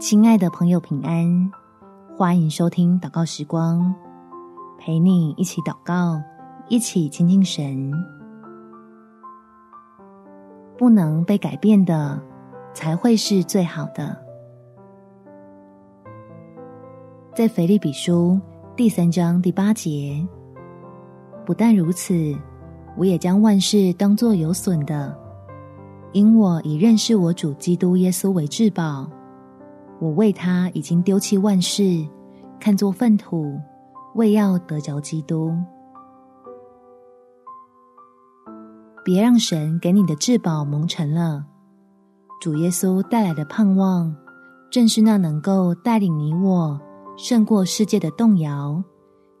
親愛的朋友，平安！歡迎收聽禱告時光，陪你一起禱告，一起親近神。不能被改變的，才會是最好的。在腓立比書第三章第八節，不但如此，我也將萬事當作有損的，因我以認識我主基督耶穌為至寶。我為他已經丟棄萬事，看作糞土，為要得着基督。別讓神給你的至寶蒙塵了。主耶穌帶來的盼望，正是那能夠帶領你我勝過世界的動搖，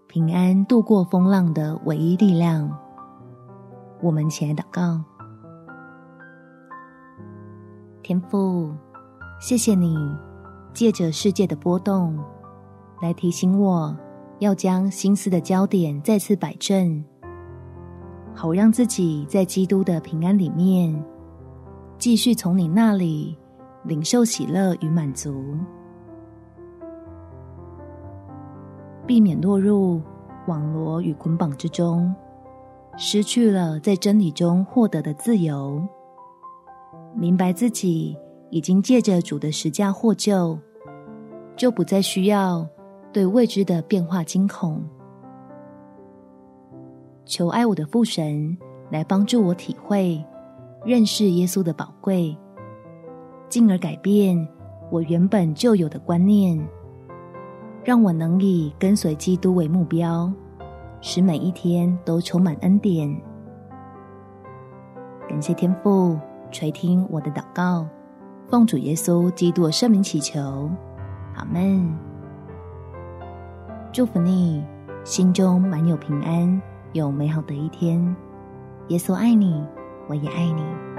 平安度過風浪的唯一力量。我們前來禱告，天父，謝謝你。借着世界的波動，來提醒我，要將心思的焦點再次擺正，好讓自己在基督的平安裡面，繼續從你那裡領受喜樂與滿足，避免落入網羅與捆綁之中，失去了在真理中獲得的自由，明白自己，已經借着主的十架獲救，就不再需要對未知的變化驚恐。求愛我的父神來幫助我體會、認識耶穌的寶貴，進而改變我原本舊有的觀念，讓我能以跟隨基督為目標，使每一天都充滿恩典。感謝天父垂聽我的禱告。奉主耶穌基督的聖名祈求，阿門。祝福你，心中滿有平安，有美好的一天。耶穌愛你，我也愛你。